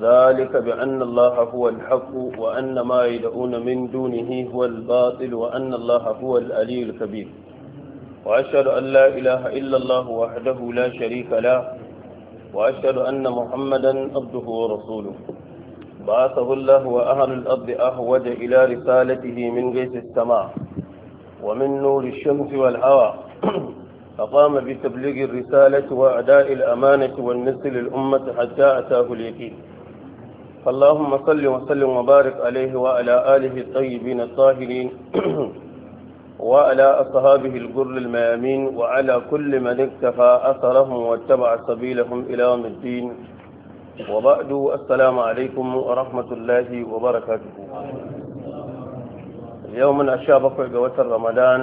ذلك بأن الله هو الحق وأن ما يدعون من دونه هو الباطل وأن الله هو الألي الكبير وأشهد أن لا إله إلا الله وحده لا شريك له وأشهد أن محمدا عبده ورسوله بعثه الله وأهل الأرض أهود إلى رسالته من جيش السماء ومن نور الشمس والهوى فقام بتبليغ الرسالة وأداء الأمانة والنسل للأمة حتى أتاه اليقين اللهم صل وسلم وبارك عليه وعلى آله الطيبين الطاهرين وعلى أصحابه الجر الميامين وعلى كل من اكتفى أثرهم واتبع سبيلهم إلى يوم الدين وبعد السلام عليكم ورحمة الله وبركاته يوم أشابك قوة رمضان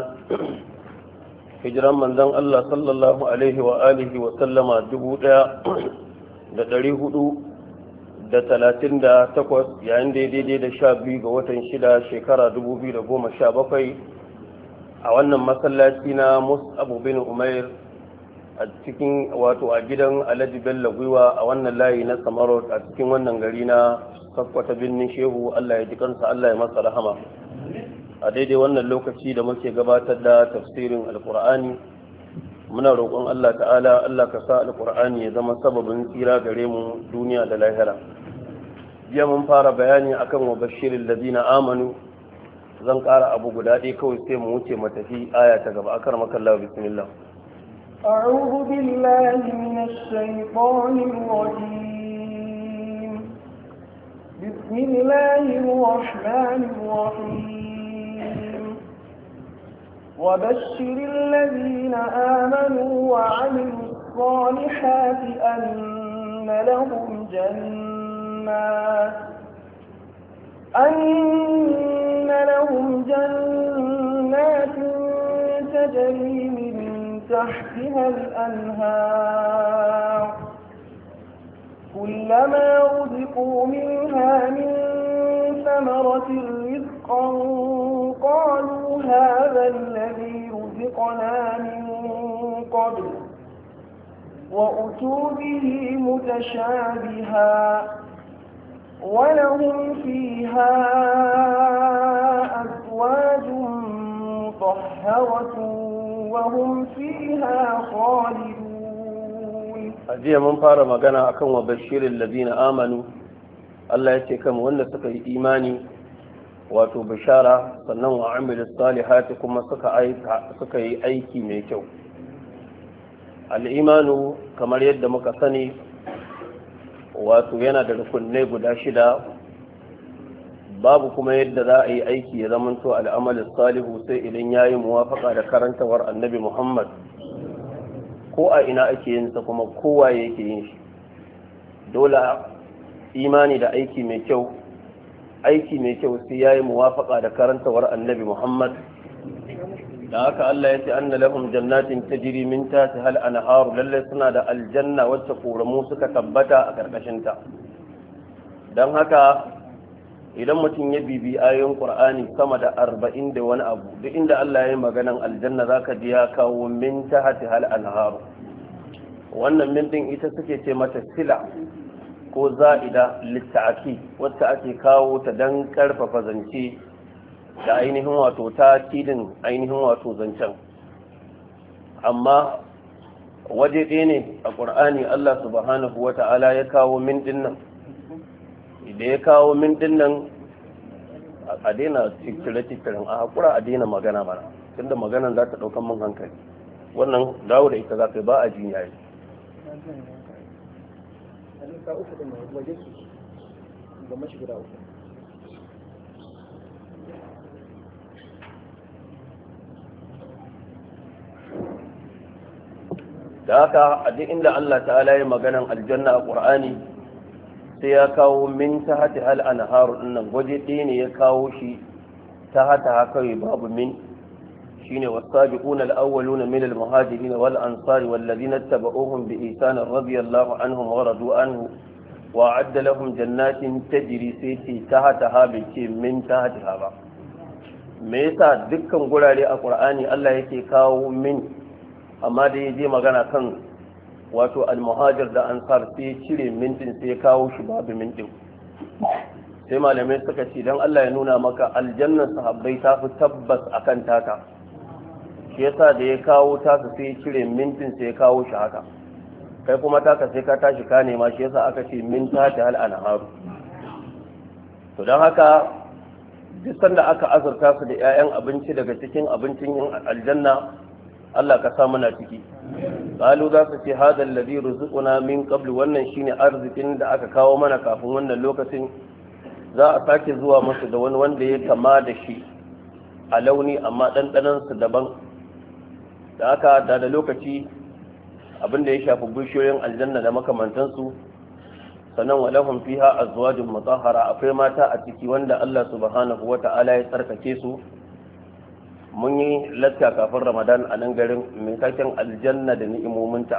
هجرا من ذن الله صلى الله عليه وآله وسلم دبوتا da ɗari hudu da talatin da takwas yayin daidai da sha biyu ga watan shida shekara dubu biyu da goma sha bakwai a wannan masallaci na abu bin umair a cikin wato a gidan alhaji bello gwiwa a wannan layi na samarot a cikin wannan gari na kakwata birnin shehu allah ya ji kansa allah ya masa rahama a daidai wannan lokaci da muke gabatar da tafsirin alkur'ani muna roƙon allah ta'ala allah ka sa alkur'ani ya zama sababin tsira gare mu duniya da lahira jiya mun fara bayani akan wa bashirin ladina amanu zan kara abu guda ɗaya kawai sai mu wuce matafi aya ta gaba akar makalla bismillah أعوذ بالله من الشيطان الرجيم بسم الله الرحمن الرحيم وبشر الذين آمنوا وعملوا الصالحات أن لهم جنات أن لهم جنات تجري من تحتها الأنهار كلما رزقوا منها من ثمرة رزقا قالوا هذا الذي رزقنا من قبل وأتوا به متشابها ولهم فيها أزواج مطهرة وهم فيها خالدون أجي من فار مغانا أكم وبشير الذين آمنوا الله يتكم وأن سكي إيماني wato bishara sannan wa amilu salihati kuma suka yi aiki mai kyau al'imanu kamar yadda muka sani wato yana da rukunne guda shida babu kuma yadda za a yi aiki ya zamanto al'amalin salihu sai idan ya yi muwafaka da karantawar annabi muhammad ko a ina ake yin sa kuma kowa yake yin shi dole imani da aiki mai kyau aiki mai kyau sai ya yi muwafaka da karantawar annabi muhammad da haka Allah ya ce anna lahum jannatin jiri min tahtiha al haru lalle suna da aljanna wacce koramu suka tabbata a karkashin ta dan haka idan mutum ya bibi ayoyin Qur'ani sama da arba'in da wani abu duk inda Allah ya yi maganan aljanna zaka ka biya kawo min tahtiha al haru wannan min ita suke ce mata sila ko za'ida litta'aki wacce ake kawo ta dan karfafa zance da ainihin wato ta kidin ainihin wato zancen amma waje ɗaya ne a ƙur'ani Allah subhanahu wa ta'ala ya kawo min dinnan idan ya kawo min dinnan a daina cikire a haƙura a daina magana mana tunda maganan za ta ɗaukan min hankali wannan dawo da ita za ka ba a jin yayi ga mashi guda uku da haka a duk inda Allah ta'ala ya maganan aljanna a kur'ani sai ya kawo min ta hati al'anharu dinnan gwaje ɗaya ne ya kawo shi ta hata haka babu min shine wasabiqun al-awwalun min al-muhajirin wal ansari wal ladina tabauhum bi ihsan radiyallahu anhum wa radu anhu wa adda lahum jannatin tajri sai ce ta hata ha bai ce min ta hati ha ba me yasa dukkan gurare a ƙur'ani Allah yake kawo min amma da ya je magana kan wato almuhajir da an ansar sai cire mintin sai ya kawo shi babu mintin sai malamai suka ce don Allah ya nuna maka aljanna sahabbai ta fi tabbas akan taka shi yasa da ya kawo taka sai ya cire mintin sai ya kawo shi haka kai kuma taka sai ka tashi ka nema shi yasa aka ce min ta ta hal anharu to don haka duk sanda aka azurta su da 'ya'yan abinci daga cikin abincin aljanna Allah ka sa muna ciki qalu za su ce hadha alladhi ruzuquna min qabl wannan shine arzikin da aka kawo mana kafin wannan lokacin za a sake zuwa musu da wani wanda ya kama da shi a launi amma ɗanɗanan su daban da aka da da lokaci abinda ya shafi bishiyoyin aljanna da makamantansu sannan walahum fiha azwajun mutahhara akwai mata a ciki wanda Allah subhanahu wata'ala ya tsarkake su mun yi latta kafin ramadan a nan garin mai aljanna da ni'imominta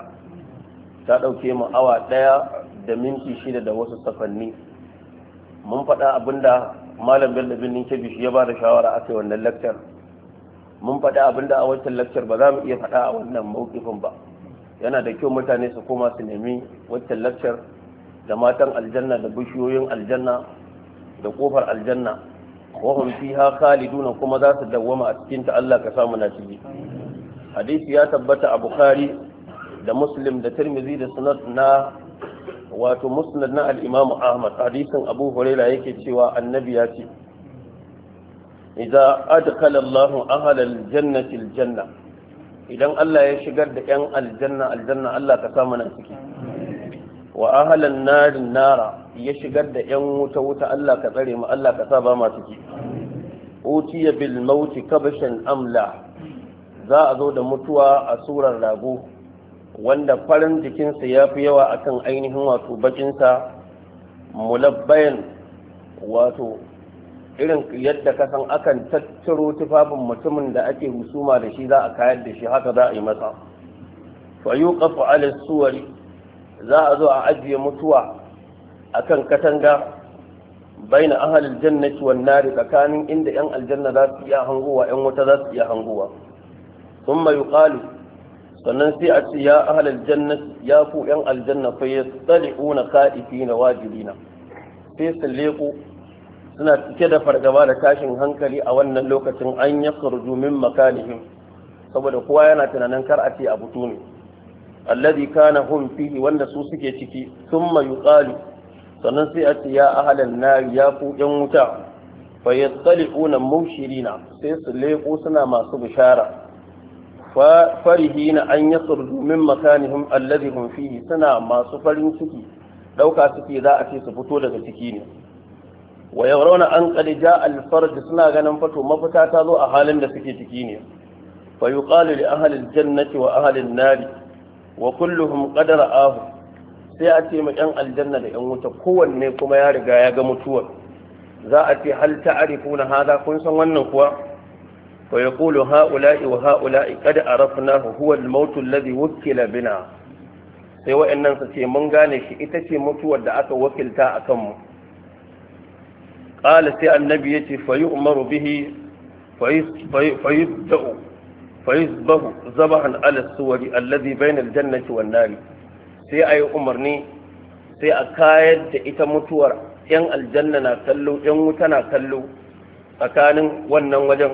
ta ɗauke mu awa ɗaya da minti shida da wasu safanni mun faɗa abinda malam bello bin kebi shi ya ba da shawara a kai wannan lakcar mun faɗa abinda a wancan lakcar ba za mu iya faɗa a wannan mawukifin ba yana da kyau mutane su koma su nemi wancan lakcar da matan aljanna da bishiyoyin aljanna da kofar aljanna wahum fiha khaliduna kuma za su dawwama a cikin ta Allah ka samu na ciki hadisi ya tabbata a bukhari da muslim da tirmidhi da sunan na wato musnad na al-imam ahmad hadisin abu huraira yake cewa annabi ya ce idza adkhala Allahu ahla al-jannati al-janna idan Allah ya shigar da 'yan aljanna aljanna Allah ka samu na ciki wa ahalan narin nara ya shigar da yan wuta wuta Allah ka tsare mu Allah ka sa ba ma ciki utiya bil mauti kabashan amla za a zo da mutuwa a surar rago wanda farin jikinsa ya fi yawa akan ainihin wato bakinsa mulabbayan wato irin yadda ka san akan tattaro tufafin mutumin da ake husuma da shi za a kayar da shi haka za a yi masa fa yuqafu ala suwari za a zo a ajiye mutuwa akan katanga baina ahalil jannati wan nari tsakanin inda yan aljanna za su iya hangowa yan wuta za su iya hangowa thumma yuqalu sannan sai a ce ya ahalil jannati ya ku yan aljanna fa na qaifina wajibina sai su leko suna cike da fargaba da tashin hankali a wannan lokacin an yakhruju min saboda kowa yana tunanin kar a ce a fito ne alladhi kana hum fihi wanda su suke ciki thumma yuqalu sannan sai a ce ya ahlan nari ya ku yan wuta fa yattali'una mubshirina sai su leko suna masu bishara fa farihina an yasrudu min makanihim alladhi hum fihi suna masu farin ciki dauka suke za a ce su fito daga ciki ne wa yarawna an qad ja'a al-farj suna ganin fato mafita ta zo a halin da suke ciki ne fa yuqalu li ahli al-jannati wa ahli an wa kulluhum qad ra'ahu sai a ce ma yan aljanna da yan wuta kowanne kuma ya riga ya ga mutuwar za a ce hal ta'rifuna hada kun san wannan kuwa fa yaqulu ha'ula'i wa ha'ula'i qad arafnahu huwa al-maut alladhi wukkila bina sai wa'annan su ce mun gane shi ita ce mutuwar da aka wakilta akan mu qala sai annabi yace fa yu'maru bihi fa yusda'u فيذبح ذبحا على السور الذي بين الجنة والنار sai a yi umarni sai a kayar da ita mutuwar yan aljanna na kallo yan wuta na kallo tsakanin wannan wajen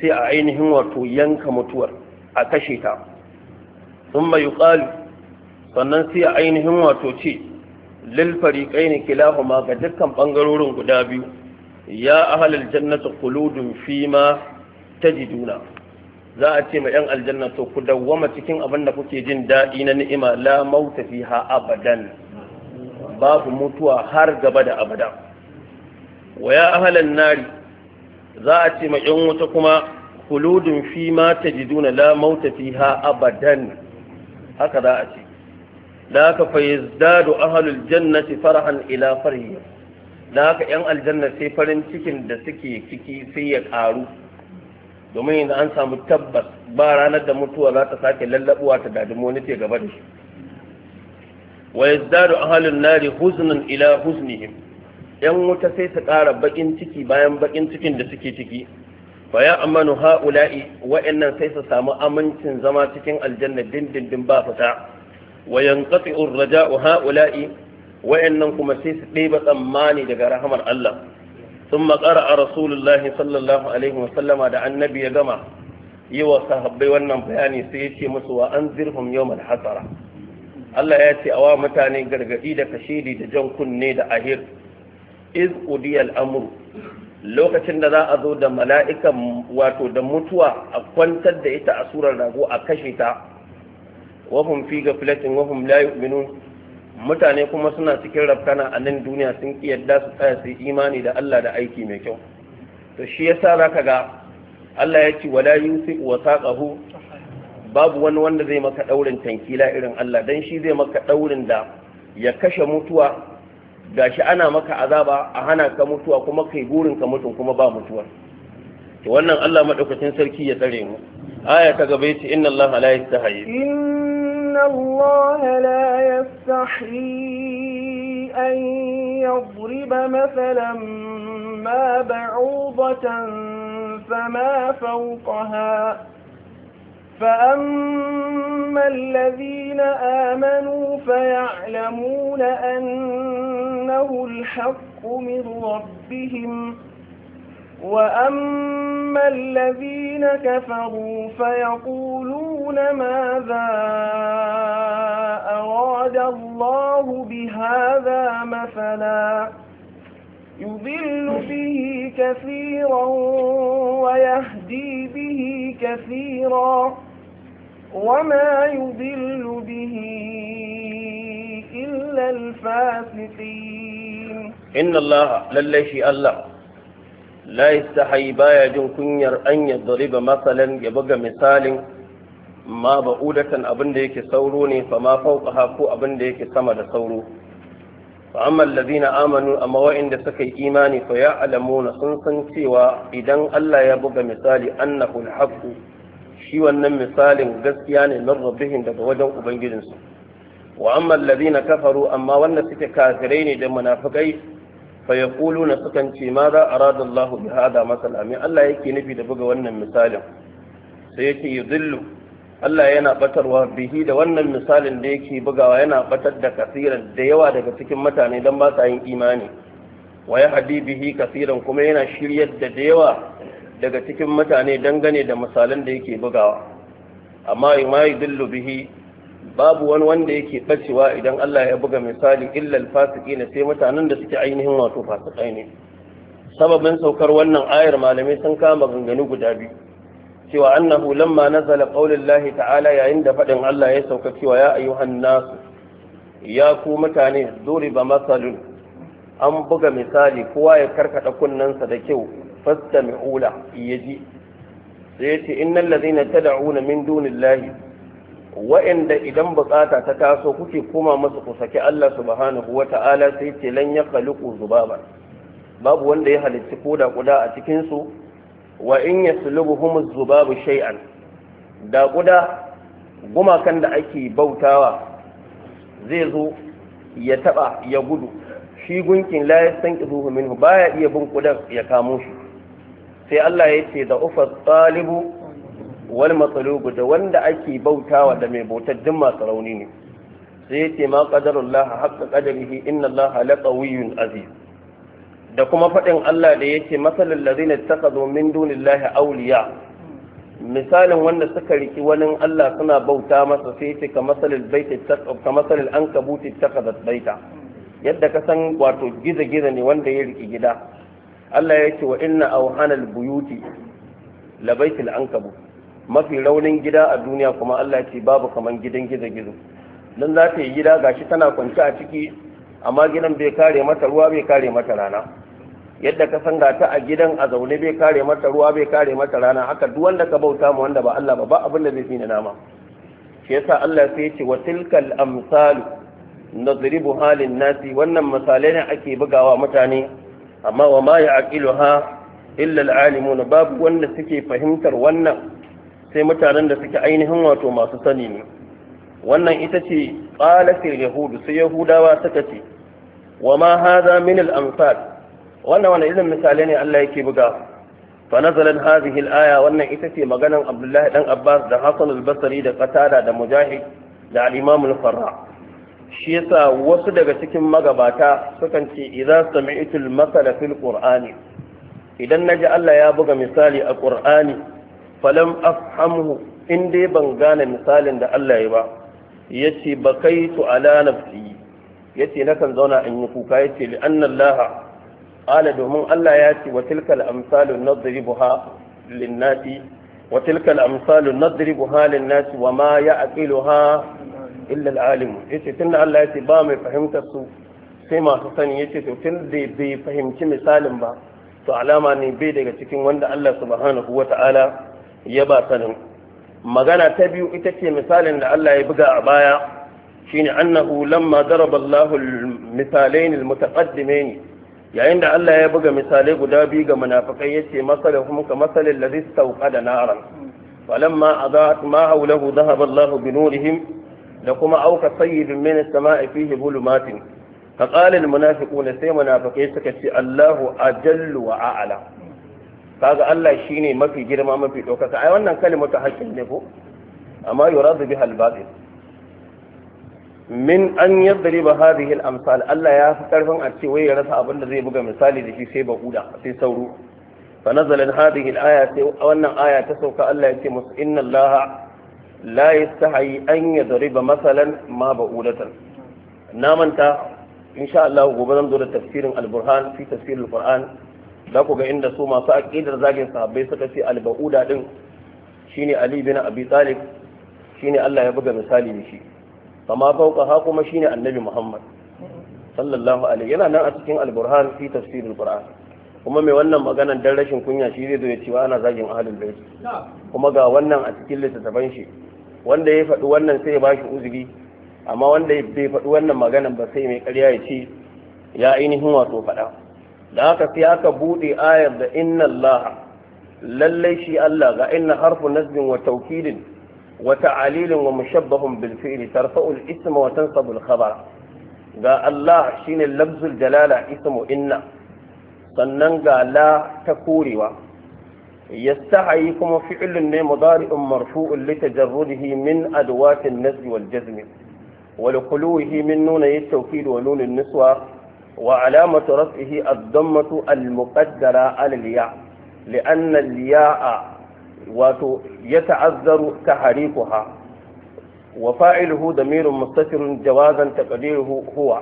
sai a ainihin wato yanka mutuwar a kashe ta sun mai yuƙalu sannan sai a ainihin wato ce lilfari ƙaini kilahuma ga dukkan ɓangarorin guda biyu ya ahalar jannata kuludun fi ma ta jiduna za a ce ma yan aljanna to ku dawwama cikin abin da kuke jin daɗi na ni'ima la mauta fiha abadan babu mutuwa har gaba da abada wa ya ahalan nari za a ce ma yan wuta kuma khuludun fi ma jiduna la mauta fiha abadan haka za a ce da haka fa yazdadu janna jannati farahan ila farhi da haka yan aljanna sai farin cikin da suke ciki sai ya ƙaru. domin yanzu an samu tabbas ba ranar da mutuwa za ta sake lallabuwa ta dadin wani ce gaba da shi wa yazdadu ahlun nari huznan ila huznihim yan wuta sai su ƙara bakin ciki bayan bakin cikin da suke ciki fa ya amanu haula'i wa'annan sai su samu amincin zama cikin aljanna dindindin ba fita wa yanqati'u rajau haula'i wa'annan kuma sai su ɗeba tsammani daga rahamar Allah ثم قرأ رسول الله صلى الله عليه وسلم دع النبي جمع يوا صحابي wannan bayani sai ya ce musu wa anzirhum yawm al-hasara Allah ya ce awa mutane gargadi da kashidi da jan kunne da ahir iz udi al lokacin da za a zo da mala'ikan wato da mutuwa a kwantar da ita a surar rago a kashe ta wa hum fi ghaflatin wa hum mutane kuma suna cikin rafkana a nan duniya sun ki yadda su tsaya su imani da Allah da aiki mai kyau to shi yasa zaka ga Allah ya ce wala yusi wa saqahu babu wani wanda zai maka daurin tankila irin Allah dan shi zai maka daurin da ya kashe mutuwa gashi ana maka azaba a hana ka mutuwa kuma kai gurin ka mutun kuma ba mutuwa to wannan Allah madaukakin sarki ya tsare mu aya ta gaba yace inna Allah la yastahi إِنَّ اللَّهَ لَا يَسْتَحْيِي أَن يَضْرِبَ مَثَلًا مَا بَعُوضَةً فَمَا فَوْقَهَا فَأَمَّا الَّذِينَ آمَنُوا فَيَعْلَمُونَ أَنَّهُ الْحَقُّ مِنْ رَبِّهِمْ ۖ وأما الذين كفروا فيقولون ماذا أراد الله بهذا مثلا يضل به كثيرا ويهدي به كثيرا وما يضل به إلا الفاسقين إن الله للشي الله la yastahi baya jin kunyar an yadriba masalan ya buga misalin ma ba'udatan abin da yake sauro ne fa ma fawqaha ko abin da yake sama da sauro fa amma alladhina amanu amma wa'inda suka yi imani fa ya'lamuna sun san cewa idan Allah ya buga misali annahu al-haqqu shi wannan misalin gaskiya ne min rabbihim daga wajen ubangijinsu wa amma alladhina kafaru amma wanda suke kafirai ne da munafikai fa na sukan ce ma za a rada Allahu bi hada masala mai Allah yake nufi da buga wannan misalin sai yake yudillu Allah yana batarwa bihi da wannan misalin da yake bugawa yana batar da kasiran da yawa daga cikin mutane don ba sa yin imani wa ya hadi bihi kasiran kuma yana shiryar da yawa daga cikin mutane dangane da misalan da yake bugawa amma ma yudillu bihi babu wani wanda yake bacewa idan Allah ya buga misali illal fasiqina sai mutanen da suke ainihin wato fasikai ne sababin saukar wannan ayar malamai sun kama ganganu guda biyu cewa annahu lamma nazala qaulullahi ta'ala yayin da fadin Allah ya sauka cewa ya ayyuhan nasu ya ku mutane ba masalun an buga misali kowa ya karkada kunnansa da kyau fastami'u la yaji sai ya ce innal ladina tad'una min dunillahi wa'inda idan bukata ta taso kuke koma masa ku saki Allah subhanahu wata'ala sai ce lan ya khaliqu zubaba babu wanda ya halitta koda kuda a cikin su wa in yaslubuhum zubabu shay'an da kuda gumakan da ake bautawa zai zo ya taba ya gudu shi gunkin la yastanqidhuhu minhu baya iya bin kudan ya kamo shi sai Allah ya ce da ufas talibu Wani matsalubu da wanda ake bautawa da mai bautar duk masu rauni ne sai yace ma qadarullah haqqa qadarihi inna allaha laqawiyyun aziz da kuma faɗin Allah da yace masalul ladina ittakhadhu min dunillahi awliya misalin wanda suka riki wani Allah suna bauta masa sai yace ka masalul baiti ka masalul ankabut baita yadda ka san wato gizo-gizo ne wanda ya riki gida Allah ya ce wa inna auhanal buyuti labaitul ankabut mafi raunin gida a duniya kuma Allah ce babu kaman gidan gizo-gizo don za ta yi gida gashi tana kwanci a ciki amma gidan bai kare mata ruwa bai kare mata rana yadda ka san ta a gidan a zaune bai kare mata ruwa bai kare mata rana haka duk wanda ka bauta wa wanda ba Allah ba ba abin da zai fi nama shi yasa Allah sai ya ce wa tilkal amsalu nadribu halin nasi wannan misalai ne ake bugawa mutane amma wa ma ha illa al babu wanda suke fahimtar wannan sai mutanen da suke ainihin wato masu sani ne wannan ita ce qalatil yahudu sai yahudawa suka ce wa ma hadha min al amsal wannan wani irin misalai ne Allah yake buga fa nazalat hadhihi al aya wannan ita ce maganan Abdullahi dan Abbas da Hassan al Basri da Qatada da Mujahid da al Imam al Farra shi yasa wasu daga cikin magabata sukan ce idza sami'tul masala fil qur'ani idan naji Allah ya buga misali a qur'ani falam afhamhu in dai ban gane misalin da Allah ya ba yace bakaitu ala nafsi yace kan zauna in yi kuka yace li anna Allah ala domin Allah ya ce wa tilkal amsalu nadribuha linnati wa tilkal amsalu nadribuha linnati wa ma ya'qiluha illa al-alim yace tunda Allah ya ce ba mai fahimtar su sai masu sani yace to tun da bai fahimci misalin ba to alama ne bai daga cikin wanda Allah subhanahu wata'ala ya ba sanin magana ta biyu ita ce misalin da Allah ya buga a baya shine annahu lamma daraba Allahu al-misalain yayin da Allah ya buga misalai guda biyu ga munafikai yace masalahum ka masalil ladhi istawqada naran falamma adat ma hawlahu dhahaba Allahu bi nurihim da kuma auka sayyidun min as-sama'i fihi bulumatin sai المنافقون suka ce 'Allahu ajallu wa وأعلى kaga Allah shine mafi girma mafi ɗaukaka ai wannan kalimatu haqqin ne ko amma yuradu biha al-batil min an yadriba hadhihi al-amsal Allah ya fi karfin a ce wai ya rasa abin da zai buga misali da shi sai bakuda sai sauro fa nazalat hadhihi al-aya sai wannan aya ta sauka Allah ya ce musu inna Allah la yastahi an yadriba masalan ma ba'udatan na manta insha Allah gobe zan zo da tafsirin al-Qur'an fi tafsirul Qur'an za ku ga inda su masu aƙidar zagin sahabbai suka ce alba'uda din shine ali bin abi talib shine Allah ya buga misali da shi amma fauka ha kuma shine annabi muhammad sallallahu alaihi yana nan a cikin alburhan fi al qur'an kuma mai wannan maganan dan rashin kunya shi zai zo ya ce ana zagin ahlul bait kuma ga wannan a cikin littattafan shi wanda ya faɗi wannan sai ya bashi uzuri amma wanda bai faɗi wannan maganan ba sai mai ƙarya ya ce ya ainihin wato faɗa da aka fi aka buɗe ayar da inna Allah lallai shi Allah ga inna harfu nasbin wa tawkidin wa ta'alilin wa mushabbahun bil fi'li tarfa'u al isma wa tansabu al khabar ga Allah shine lafzul jalala ismu inna sannan ga la ta korewa يستحي كما فعل مضارع مرفوع لتجرده من أدوات wa والجزم ولخلوه من نون التوكيد ونون النسوة وعلامة رفعه الضمة المقدرة على الياء لأن الياء يتعذر تحريكها وفاعله ضمير مستتر جوازا تقديره هو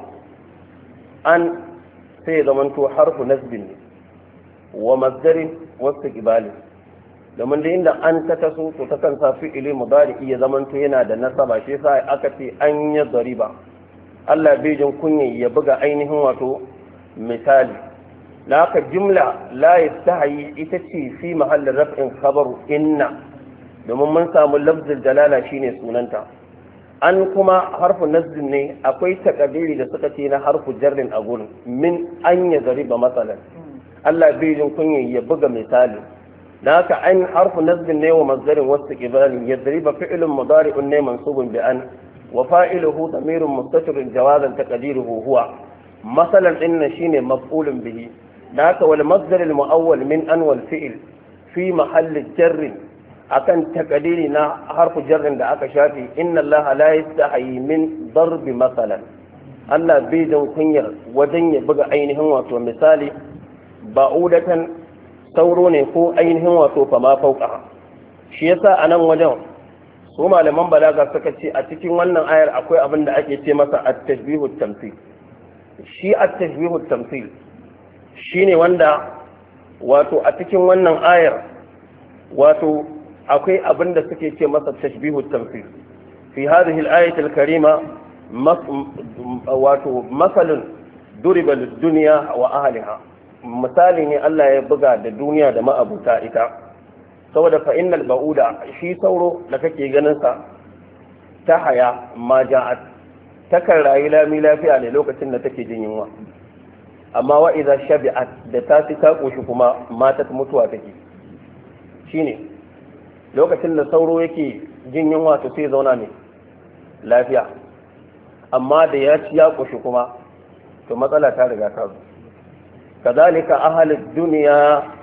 أن سيد من حرف نسب ومصدر واستقبال domin da inda an ta taso to takan sa fi'ili mudari ya zamanto yana da nasaba shi yasa aka ce an ya dariba Allah bai jin kunya ya buga ainihin wato misali la haka jumla la yastahi ita ce fi mahallin raf'in khabaru inna domin mun samu lafzul jalala shine sunanta an kuma harfu nazdin ne akwai takadiri da suka ce na harfu jarrin a gurin min an ya zariba matsalar. Allah bai jin kunya ya buga misali da haka an harfu nazdin ne wa mazdarin wasu kibalin ya zariba fi'ilun mudari'un ne mansubun bi an wa وفاعله ضمير مستتر جوازا تقديره هو مثلا ان شين مفعول به ذاك والمصدر المؤول min anwal والفعل fi محل الجر akan takadiri na harfu jarrin da aka shafi inna allaha la yastahi min darbi matsalar. Allah bai da kunyar wajen ya buga ainihin wato misali ba'udatan sauro ne ko ainihin wato fama fauka shi yasa anan wajen su malaman balaga suka ce a cikin wannan ayar akwai abin da ake ce masa at tashbihu tamthil shi at tashbihu tamthil shine wanda wato a cikin wannan ayar wato akwai abin da suke ce masa tashbihu tamthil fi hadhihi al-ayati al-karima wato masalun duriba lid-dunya wa ahliha misali ne Allah ya buga da duniya da ma'abuta ita saboda fa ba'uda shi sauro da kake ganin sa ta haya ma ja'at takan rayu lami lafiya ne lokacin da take jin yunwa amma wa idza shabi'at da ta fi ta koshi kuma matat mutuwa take shine lokacin da sauro yake jin yunwa to sai zauna ne lafiya amma da ya ci ya koshi kuma to matsala ta riga ta zo kazalika ahalud duniya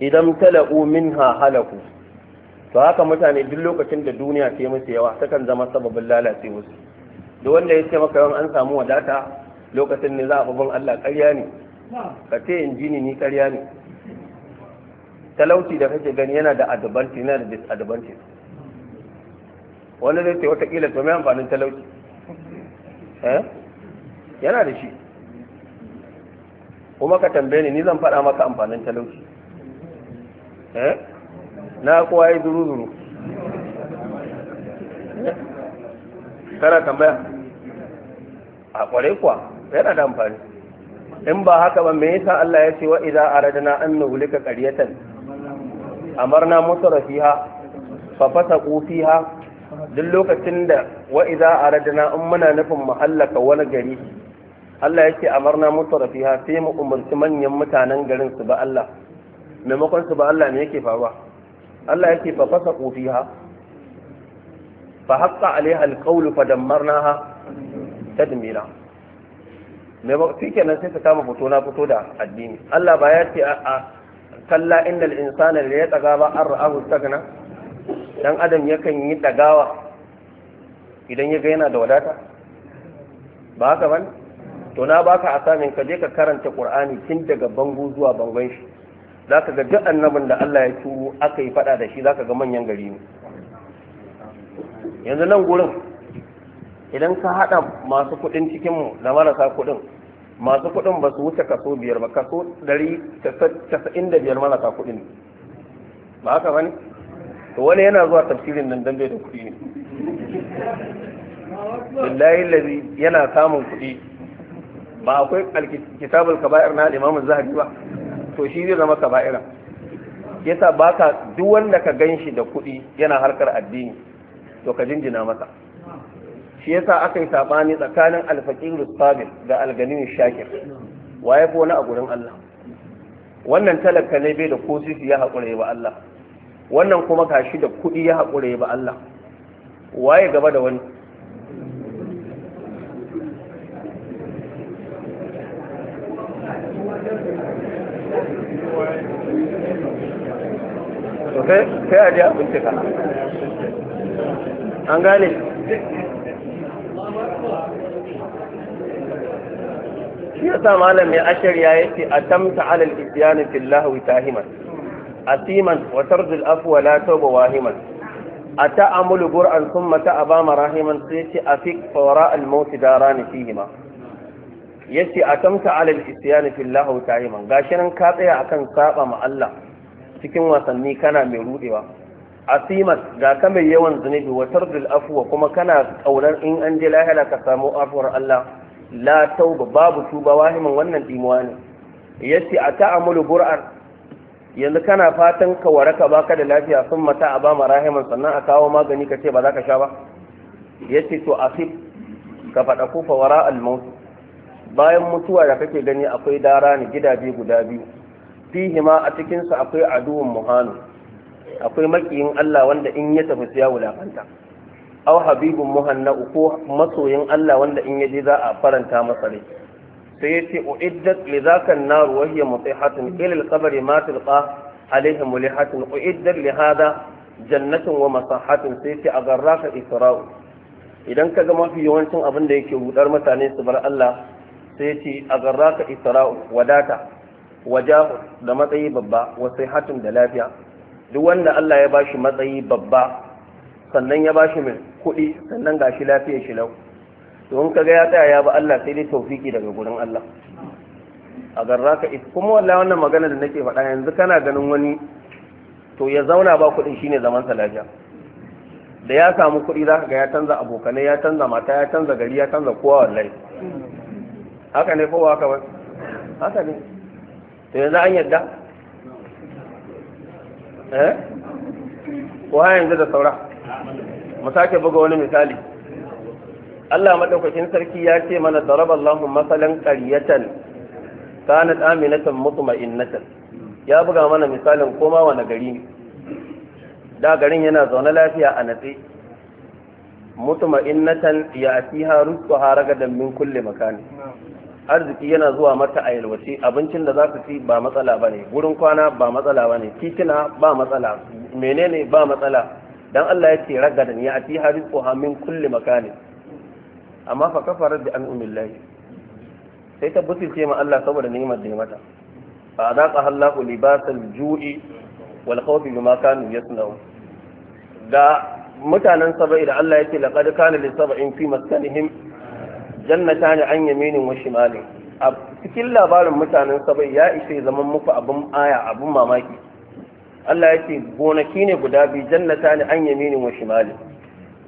idan tala'u minha halaku to haka mutane duk lokacin da duniya ce musu yawa takan zama sababin lalace wasu duk wanda ya ce maka yawan an samu wadata lokacin ne za a babban Allah ƙarya ne ka ce in jini ni ƙarya ne talauci da kake gani yana da advantage yana da disadvantage wanda zai ce watakila to mai amfanin talauci eh? yana da shi kuma ka tambaye ni ni zan faɗa maka amfanin talauci Eh? na kowa yi zuru zuru eh? kana tambaya a kware kuwa yana da amfani in ba haka ba mai yasa Allah ya ce wa a rajana an marna qaryatan amarna ha fa fasaqu ha duk lokacin da wa a rajana in muna nufin mahallaka wani gari Allah ya ce amarna ha sai mu umarci manyan mutanen garin su ba Allah maimakon su ba Allah ne yake faruwa Allah yake fa fasa kofiha fa haqqa alaiha alqawlu fa dammarnaha tadmira maimakon shi kenan sai su kama fito na fito da addini Allah ba ya ce a kalla innal insana la yataga ba an ra'ahu stagna dan adam yakan yi dagawa idan ya ga yana da wadata ba haka ban to na baka asamin ka je ka karanta qur'ani tun daga bango zuwa bangon shi za ka ga annabin da Allah ya turo aka yi faɗa da shi za ka ga manyan gari ne yanzu nan gurin idan ka haɗa masu kuɗin cikinmu da marasa kuɗin masu kuɗin ba su wuce kaso biyar ba kaso dari, casa'in da biyar marasa kudin ba haka ba ne to wani yana zuwa tafsirin nan dambe da kuɗi ne billahi lazi yana samun kuɗi ba akwai kitabul kaba'ir na al-imamu zahabi ba to shi zai zama kaba'ira yasa baka duk wanda ka ganshi da kuɗi yana harkar addini to ka jinjina masa shi yasa aka yi saɓani tsakanin alfaqiru sabil da alganin shakir waye ko na a gurin Allah wannan talaka ne bai da kosisi ya haƙura ba Allah wannan kuma gashi da kuɗi ya haƙura ba Allah waye gaba da wani sai a je a bincika an gane shi yasa malam mai ashar ya yace tamta alal isyani fillahu tahiman asiman wa tarjul afwa la tawba wahiman A amulu qur'an thumma ta'aba marahiman sai yace afik fawara al maut darani fihima yace tamta alal isyani fillahu tahiman gashi nan ka tsaya akan saba ma Allah cikin wasanni kana mai rudewa asimat ga ka mai yawan zunubi wa tardul afwa kuma kana kaunar in an je lahira ka samu afuwar Allah la tauba babu tuba wahimin wannan dimuwa ne yace a ta'amulu qur'an yanzu kana fatan ka waraka baka da lafiya sun mata a ba marahiman sannan a kawo magani ka ce ba za ka sha ba yace to asib ka faɗa kufa wara al bayan mutuwa da kake gani akwai dara ne gidaje guda biyu fihima a cikinsu akwai muhanu akwai makiyin Allah wanda in ya tafi siya wulakanta aw habibun muhanna ko masoyin Allah wanda in ya je za a faranta masa rai sai ya ce uiddat li zaka an-nar wa hiya mutihatun ila al-qabr ma tilqa alayhi mulihatun uiddat li hada jannatun wa masahatun sai ya ce agarraka isra'u idan ka ga mafi yawancin abin da yake hudar mutane su bar Allah sai ya ce agarraka isra'u wadata waja da matsayi babba wasu hatun da lafiya duk wanda Allah ya bashi matsayi babba sannan ya bashi mai kuɗi sannan gashi lafiya shi lau don kaga ya tsaya ya ba Allah sai dai taufiki daga gurin Allah a garraka it kuma wallahi wannan magana da nake faɗa yanzu kana ganin wani to ya zauna ba kuɗin shine zaman sa lafiya da ya samu kuɗi za ka ga ya canza abokanai ya canza mata ya canza gari ya canza kowa wallahi haka ne kowa haka ba haka ne to yanzu an yadda eh wa yanzu da saura mu sake buga wani misali Allah madaukakin sarki ya ce mana daraballahu masalan qaryatan kana aminatan mutma'innatan ya buga mana misalin koma wani gari ne da garin yana zaune lafiya a natse mutma'innatan ya atiha rizquha ragadan min kulle makani arziki yana zuwa mata a yalwace abincin da za ka ci ba matsala ba ne gurin kwana ba matsala ba ne titina ba matsala menene ba matsala dan Allah ya ce ragadan ya ati harizquha min kulli makani amma fa kafarat bi an'amillahi sai ta ce ma Allah saboda ni'imar da ya mata fa adaqa Allahu libasal ju'i wal khawfi bima kanu yasna'u da mutanen saba'i da Allah ya ce laqad kana lis sab'in fi maskanihim jannata ne an yaminin wa malin a cikin labarin mutanen sabai ya ishe zaman muku abin aya abin mamaki Allah ya ce gonaki ne guda biyu jannata ne an yaminin wa shimalin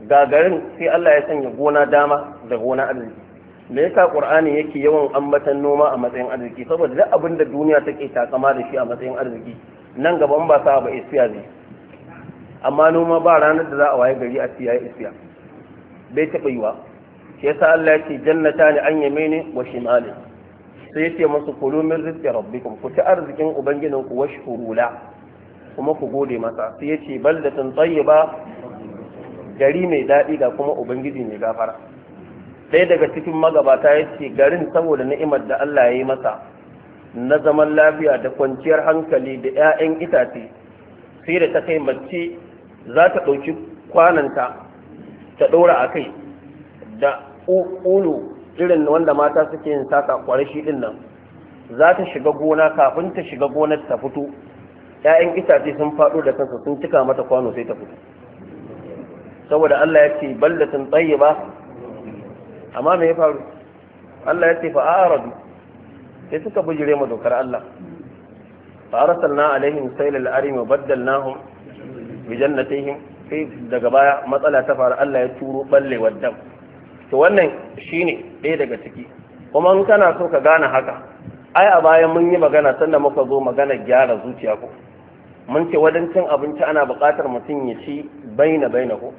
gagarin sai Allah ya sanya gona dama da gona arziki me yasa qur'ani yake yawan ambatan noma a matsayin arziki saboda duk abin da duniya take takama da shi a matsayin arziki nan gaban ba sa ba isiya ne amma noma ba ranar da za a waye gari a siya isiya bai taɓa yiwa shi yasa Allah ya ce jannata ne an yame ne wa shimali sai ya ce masu kulu min rizqi rabbikum ku ci arzikin ubangijin ku washkuru kuma ku gode masa sai ya ce tsaye tayyiba gari mai daɗi ga kuma ubangiji mai gafara ɗaya daga cikin magabata ya ce garin saboda ni'imar da Allah ya yi masa na zaman lafiya da kwanciyar hankali da 'ya'yan itace sai da ta kai mace za ta ɗauki kwananta ta ɗora a kai da ulu irin wanda mata suke yin saka kwarashi ɗin nan za ta shiga gona kafin ta shiga gonar ta fito ‘ya'yan itace sun faɗo da kansa sun cika mata kwano sai ta fito saboda Allah ya ce ballatin tsaye ba amma me ya faru Allah ya ce rabu, sai suka bijire ma dokar Allah fa'arasalna alaihim sailal arima baddalnahum bi jannatihim sai daga baya matsala ta faru Allah ya turo ballewar dam to wannan shine ɗaya daga ciki kuma in kana so ka gane haka ai a bayan mun yi magana sannan muka zo magana gyara zuciya ko mun ce wajen cin abinci ana buƙatar mutum ya ci baina baina ko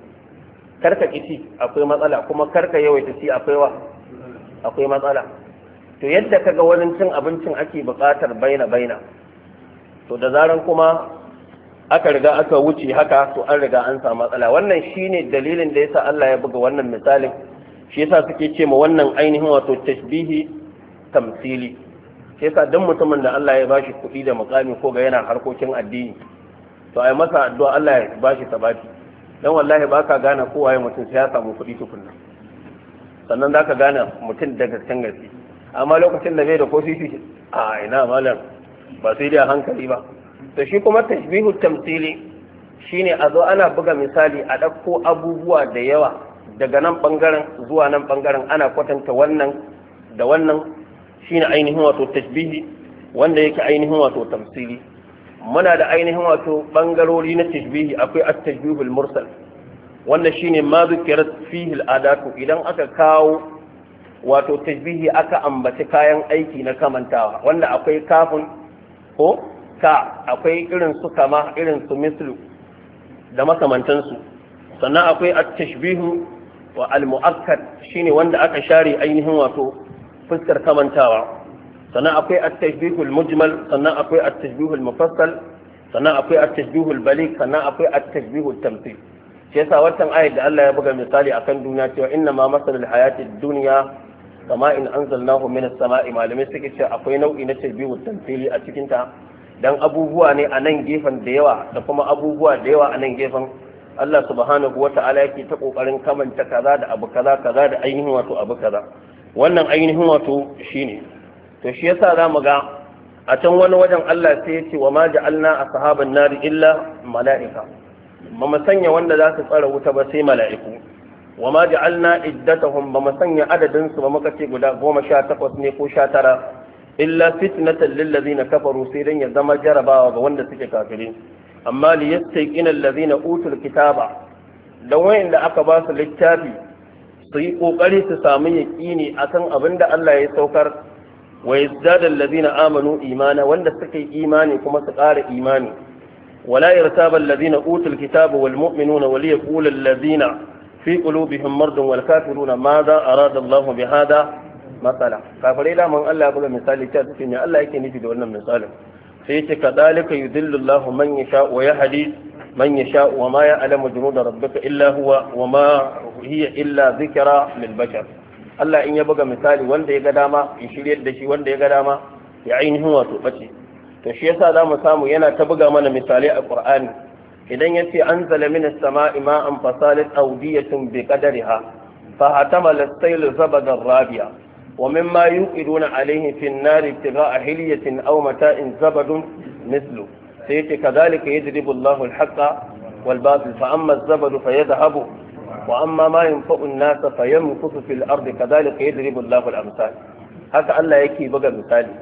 karka kici akwai matsala kuma karka yawaita ci akwai wa akwai matsala to yadda ka wajen cin abincin ake buƙatar baina baina to da zaran kuma aka riga aka wuce haka to an riga an samu matsala wannan shine dalilin da yasa Allah ya buga wannan misalin shi yasa suke ce ma wannan ainihin wato tashbihi tamsili shi yasa dan mutumin da Allah ya bashi kuɗi da mukami ko ga yana harkokin addini to ai masa addu'a Allah ya bashi sabati dan wallahi baka gane ko waye mutum sai ya samu kuɗi tukunna sannan zaka gane mutum da can gaske amma lokacin da bai da ko sisi a ina malam ba sai da hankali ba to shi kuma tashbihu tamsili shine a zo ana buga misali a ɗauko abubuwa da yawa daga nan bangaren zuwa nan bangaren ana kwatanta wannan da wannan shine ainihin wato tashbihi wanda yake ainihin wato tamsili muna da ainihin wato bangarori na tashbihi akwai at al mursal wanda shine ma zukirat fihi al-adatu idan aka kawo wato tashbihi aka ambaci kayan aiki na kamantawa wanda akwai kafun ko ka akwai irin su kama irin su mislu da makamantansu sannan akwai at-tashbihu wa al-mu'akkad shine wanda aka share ainihin wato fuskar kamantawa sannan akwai at-tashbihul mujmal sannan akwai at-tashbihul mufassal sannan akwai at-tashbihul baligh sannan akwai at-tashbihul tamthil shi yasa wannan ayat da Allah ya buga misali akan duniya cewa inna ma masalul hayatid dunya kama in anzalnahu minas sama'i malamai suke cewa akwai nau'i na tashbihul tamthili a cikin ta dan abubuwa ne a nan gefen da yawa da kuma abubuwa da yawa a nan gefen Allah subhanahu wata'ala yake ta kokarin kamanta kaza da abu kaza kaza da ainihin wato abu kaza wannan ainihin wato shine to shi yasa zamu ga a can wani wajen Allah sai ya ce wa ma ja'alna ashaban nar illa mala'ika ba mu sanya wanda za su tsara wuta ba sai mala'iku wa ma ja'alna iddatahum ba mu sanya adadin su ba muka ce guda 18 ne ko 19 illa fitnatan lil ladina kafaru sai dan ya zama jarabawa ga wanda suke kafire amma li yastaqina allazina utul kitaba dan wayanda aka ba su littafi su yi kokari su samu yaƙini akan abinda Allah ya saukar wa lazina amanu imana wanda suka yi imani kuma su ƙara imani wala yartaba allazina utul kitaba wal mu'minuna wal yaqulu allazina fi qulubihim mardun wal kafiruna madha arada Allah bi hada matsala kafirai da mun Allah ya buga misali ta cikin Allah yake nufi da wannan misalin sai yace kadalika yudillu Allah man yasha wa yahdi man yasha wa ma ya'lamu junuda rabbika illa huwa wa ma hiya illa dhikra lil bashar Allah in ya buga misali wanda ya ga dama in shiryar da shi wanda ya ga dama ya ainihin wato bace to shi yasa zamu samu yana ta buga mana misalai a Qur'ani idan an anzala minas sama'i ma'an fasalat awdiyatun bi qadariha fa hatamala as-sayl zabada rabi'a ومما يوقدون عليه في النار ابتغاء حلية أو متاع زبد مثله سيأتي كذلك يجرب الله الحق والباطل فأما الزبد فيذهب وأما ما ينفع الناس فيمكث في الأرض كذلك يجرب الله الأمثال هكا الله يكي بقى مثالي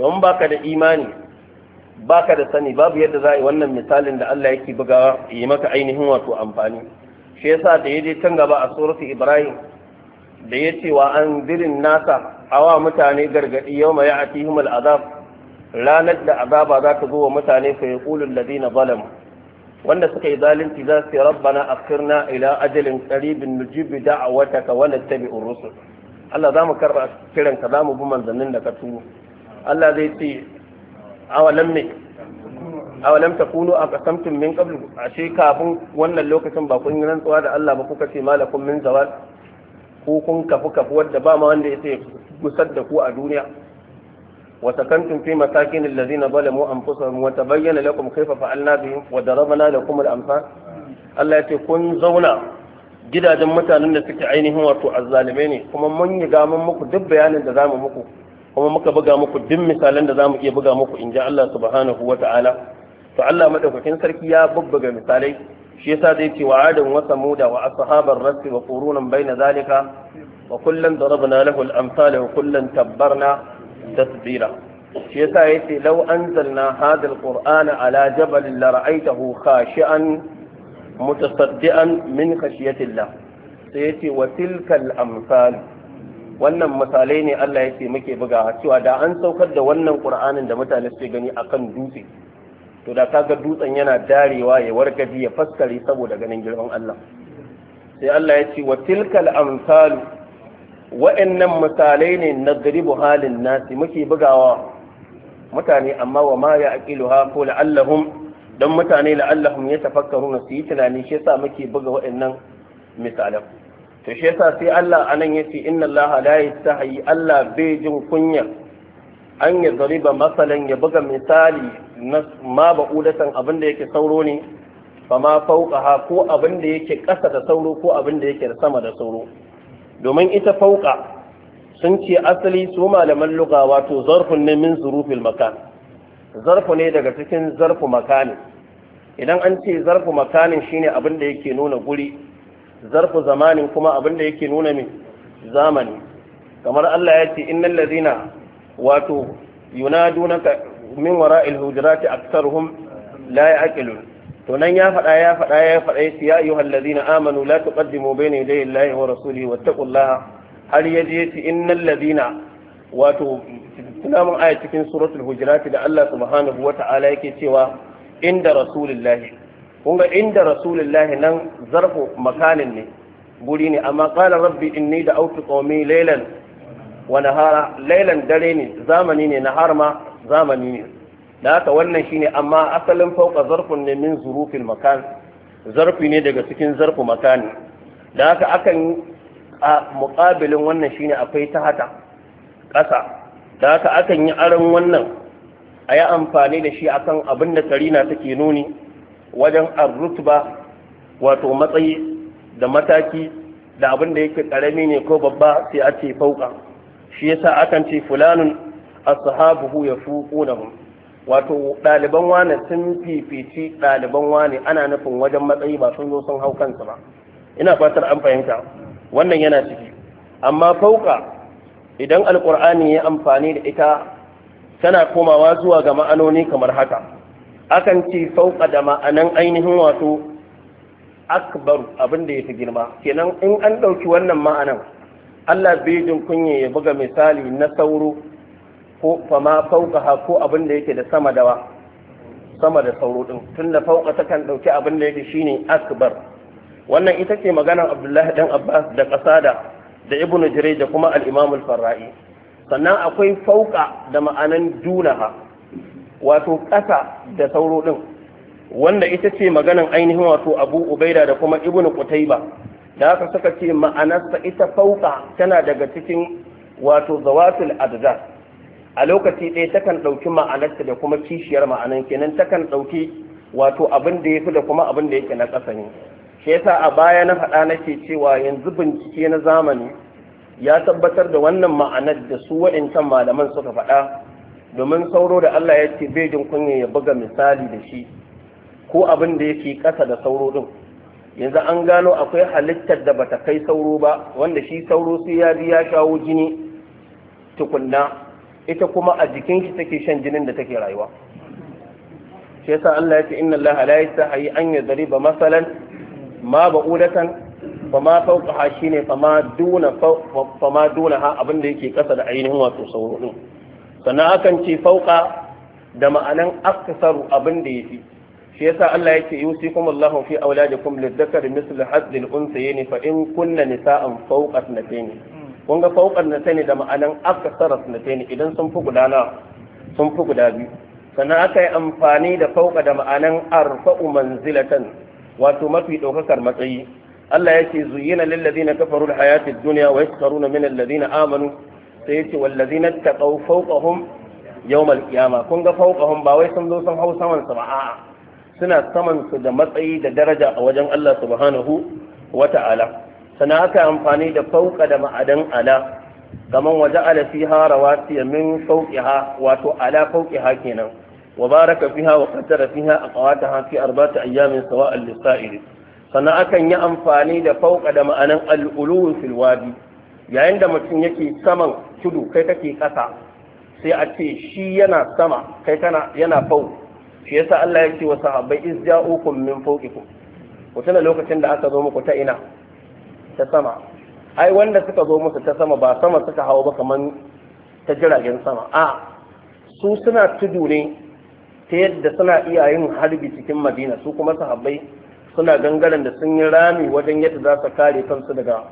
ومن باك دا إيماني باك دا سني باب يد ذاي وانا مثال دا الله يكي بقى يمك عينه وتو أنفاني شيسا تيجي تنقبع سورة إبراهيم da ya ce wa an zirin nasa awa mutane gargadi yau mai atihim al'azab ranar da azaba za ta zo wa mutane fa ya kulun ladina zalam wanda suka yi zalunci za su yi rabbana akhirna ila ajalin qaribin nujibi ka wani nattabi'ur urusu Allah za mu karɓa karba kiranka za mu bi manzannin da ka turo Allah zai ce awalan ta awalam a aqsamtum min qabl ashe kafin wannan lokacin ba kun yi rantsuwa da Allah ba kuka ce malakum min zawal ko kun kafu kafu wadda ba ma wanda ya sai gusar da ku a duniya wa sakantum fi masakin allazina zalamu anfusahum wa tabayyana lakum kayfa fa'alna bihim wa darabna lakum al-amsal Allah ya ce kun zauna gidajen mutanen da suke ainihin wato azzalime ne kuma mun yi gaman muku duk bayanin da zamu muku kuma muka buga muku duk misalan da zamu iya buga muku ji Allah subhanahu wata'ala to Allah madaukakin sarki ya bubbuga misalai shi yasa zai ce wa adam wa samuda wa ashabar rasi wa qurunan baina zalika wa kullan darabna lahu al-amsal wa kullan tabbarna tasbira shi yasa yace law anzalna hadha al-qur'ana ala jabal la ra'aytahu khashi'an mutasaddian min khashiyati sai yace wa tilka al-amsal wannan misalai ne Allah yake muke bugawa. cewa da an saukar da wannan qur'anin da mutane suke gani akan dutse to da kaga dutsen yana darewa ya wargaji ya fassari saboda ganin girman Allah sai Allah ya ce wa tilkal amsalu wa'annan misalai ne na garibu halin nasi muke bugawa mutane amma wa ma ya aqiluha ko la'allahum dan mutane la'allahum ya tafakkaru su yi tunani shi yasa muke buga wa'annan misalan to shi yasa sai Allah anan yace inna Allah la yastahi Allah bai jin kunya an ya zariba matsalin ya buga misali na ma ba'udatan abin da yake sauro ne ba ma fauka ha, ko abin da yake ƙasa da sauro ko abin da yake sama da sauro domin ita fauka sun ce asali su malaman luga wato zarfun ne min zurufin makan zarfu ne daga cikin zarfu makanin idan an ce zarfu makanin shine abin da yake nuna guri zarfu zamanin kuma abin da yake nuna mai zamani kamar Allah ya ce innal ladina wato yunadunaka min wara'il hujurati aktsaruhum la ya'qilun to nan ya faɗa ya faɗa ya faɗa ya ya ayyuha allazina amanu la tuqaddimu bayna yaday Allahi wa rasulihi wattaqullaha har yaje yace innal lazina wato suna mun aya cikin suratul hujurat da Allah subhanahu wata'ala yake cewa inda rasulillahi kun ga inda rasulillahi nan zarfu makanin ne guri ne amma qala rabbi inni da'awtu qaumi laylan wa nahara lailan dare ne zamani ne nahar ma zamani ne da haka wannan shine amma asalin fauka zarfin ne min zurufin makan zarfi ne daga cikin zarfu makani da haka akan a muƙabilin wannan shine akwai ta hata ƙasa da haka akan yi aron wannan a yi amfani da shi akan abin da karina take nuni wajen arrutuba wato matsayi da mataki da abin da yake ƙarami ne ko babba sai a ce fauka shi yasa akan ce fulanun ashabuhu yafuqunahum wato daliban wane sun fifici daliban wane ana nufin wajen matsayi ba sun zo sun hau kansu ba ina fatar an fahimta wannan yana ciki amma fauka idan alkur'ani ya amfani da ita tana komawa zuwa ga ma'anoni kamar haka akan ce fauka da ma'anan ainihin wato akbar abin da ya fi girma kenan in an ɗauki wannan ma'anan Allah bai jin kunye ya buga misali na sauro ko fama fauka ha ko abin da yake da sama dawa sama da sauro din tunda fauka takan dauki abin da yake shine akbar wannan ita ce maganar Abdullahi dan Abbas da Qasada da Ibn Jurayj da kuma al-Imam al-Farra'i sannan akwai fauka da ma'anan dunaha wato ƙasa da sauro din wanda ita ce maganar ainihin wato Abu Ubaida da kuma Ibn Qutayba da aka suka ce ma'anarsa ita fauka tana daga cikin wato zawatul adza a lokaci ɗaya takan ɗauki ma'anarta da kuma kishiyar ma'anar kenan takan ɗauki wato abin da ya fi da kuma abin da yake na ƙasa ne shi yasa a baya na faɗa nake cewa yanzu bincike na zamani ya tabbatar da wannan ma'anar da su waɗancan malaman suka faɗa domin sauro da Allah ya ce bai jin kunya ya buga misali da shi ko abin da yake ƙasa da sauro din? yanzu an gano akwai halittar da bata kai sauro ba wanda shi sauro sai ya bi ya shawo jini tukunna ita kuma a jikin shi take shan jinin da take rayuwa shi yasa Allah ya ce inna Allah la yastahi an yadriba masalan ma ma fawqa ha shine ma duna ma duna abin da yake kasa da ainihin wato sauro din sannan akan ce fawqa da ma'anan aksaru abinda da yake shi yasa Allah yake yusikum Allahu fi auladikum lidhakari mislu hadhi al-unthayayn fa in kunna nisa'an fawqa thnatayn kun ga fawqa thnatayn da ma'anan aksara thnatayn idan sun fi gudana sun fi guda biyu sannan aka yi amfani da fauka da ma'anan arfa'u manzilatan wato mafi ɗaukakar matsayi Allah ya ce zuyina lillazina kafaru alhayati dunya wa yaskaruna min allazina amanu sai yace wallazina taqaw fawqahum yawm alqiyama kun ga fawqahum ba wai sun zo sun hau saman sama a'a suna samansu da matsayi da daraja a wajen Allah subhanahu wata'ala sana aka amfani da fauka da ma'adan ala kaman waje ala fiha rawasiya min wato ala fauqiha kenan wa baraka fiha wa qaddara fiha aqwataha fi arba'ati ayyamin sawa'an lisa'il sana akan yi amfani da fauka da ma'anan al-ulu fil wadi yayin da mutum yake saman tudu kai kake kasa sai a ce shi yana sama kai kana yana fauka shi yasa Allah ya ce wa sahabbai iz ja'ukum min fawqikum ku lokacin da aka zo muku ta ina ta sama ai wanda suka zo musu ta sama ba sama suka hawo ba kaman ta jiragen sama a su suna tudu ne ta yadda suna iya yin harbi cikin madina su kuma sahabbai suna gangaren da sun yi rami wajen yadda za su kare kansu daga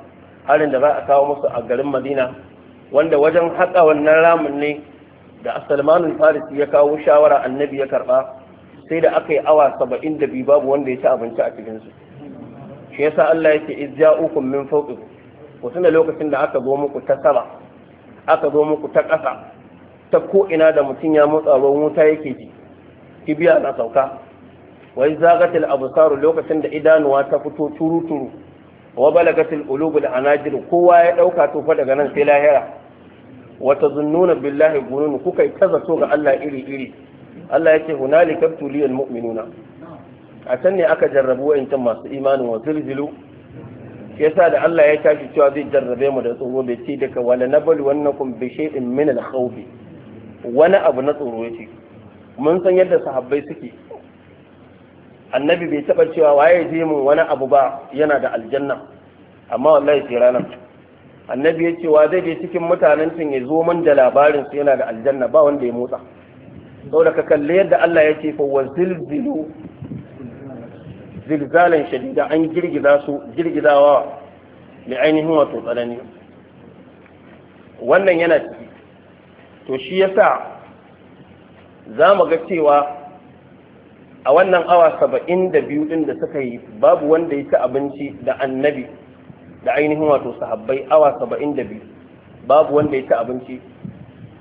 harin da za a kawo musu a garin madina wanda wajen haƙa wannan ramin ne da asalmanin farisi ya kawo shawara annabi ya karɓa sai da aka yi awa saba'in da biyu babu wanda ya ci abinci a cikinsu shi yasa Allah yake izja'ukum min fawqi ko tuna lokacin da aka zo muku ta sama aka zo muku ta ƙasa ta ko ina da mutum ya motsa ruwan wuta yake ji kibiya na sauka wai zagatil absaru lokacin da idanuwa ta fito turu turu wa balagatil da anajir kowa ya dauka tofa daga nan sai lahira wa tazunnuna billahi gunun kuka kaza to ga Allah iri iri Allah ya ce hunalika tuliyal mu'minuna a can ne aka jarrabu wa'ancan masu imanin wa zilzilu yasa da Allah ya tashi cewa zai jarrabe mu da tsoro bai ce daga wala nabal wannakum bi shay'in min al khawfi wani abu na tsoro yace mun san yadda sahabbai suke annabi bai taba cewa waye je mun wani abu ba yana da aljanna amma wallahi sai ranar annabi ya ce wa zai je cikin mutanen sun ya zo min da labarin su yana da aljanna ba wanda ya motsa saboda ka kalli yadda Allah ya ce fa wazilzilu zilzalan shadida an girgiza su girgizawa mai ainihin wato tsanani wannan yana ciki to shi yasa za mu ga cewa a wannan awa saba'in da biyu ɗin da suka yi babu wanda ya ci abinci da annabi da ainihin wato sahabbai awa saba'in da biyu babu wanda ya ci abinci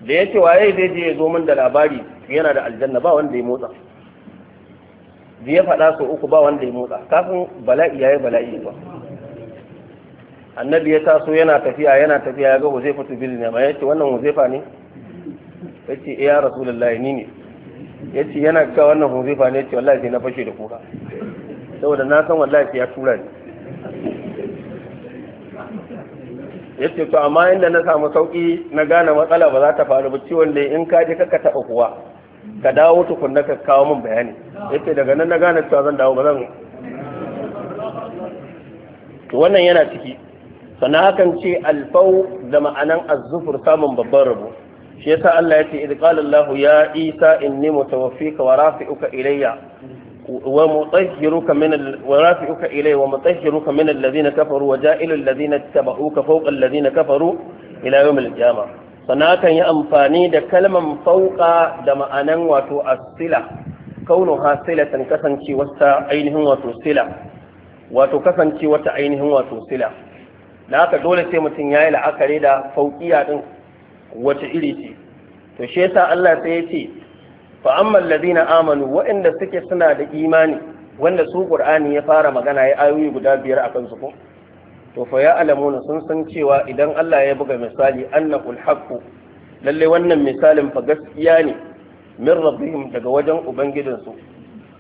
da ya ce waye zai je ya zo min da labari yana da aljanna ba wanda ya motsa da ya faɗa sau uku ba wanda ya motsa kafin bala'i ya yi bala'i ba annabi ya taso yana tafiya yana tafiya ya ga huzaifa tu bilne ma yace wannan huzaifa ne yace eh ya rasulullahi ni ne yace yana ga wannan huzaifa ne yace wallahi sai na fashe da kuka saboda na san wallahi ya tura ni ce to amma inda na samu sauki na gane matsala ba za ta faru ba ciwon da in ka je kaka taba kuwa ka dawo na ka kawo min bayani ce daga nan na gane cewa zan dawo ba zan wannan yana ciki sana hakan ce alfau da ma'anan azzufur samun babban rabo shi yasa Allah ya ce qala Allah ya Isa in inni mutawaffika wa uka ilayya ومطهرك من ورافعك إليه ومطهرك من الذين كفروا وجائل الذين اتبعوك فوق الذين كفروا إلى يوم القيامة sannan yi amfani da kalman fauka da ma'anan wato asila kaunu ha silatan kasancewarta ainihin ainihin wato sila da haka dole sai mutum ya yi la'akari da fauƙiya ɗin wace iri ce to shi Allah sai ya ce fa amma amanu waɗanda suke suna da imani wanda su ƙur'ani ya fara magana ya ayoyi guda biyar a kansu ko to fa ya alamuna sun san cewa idan Allah ya buga misali Annakul haqqu lalle wannan misalin fa gaskiya ne min rabbihim daga wajen ubangijinsu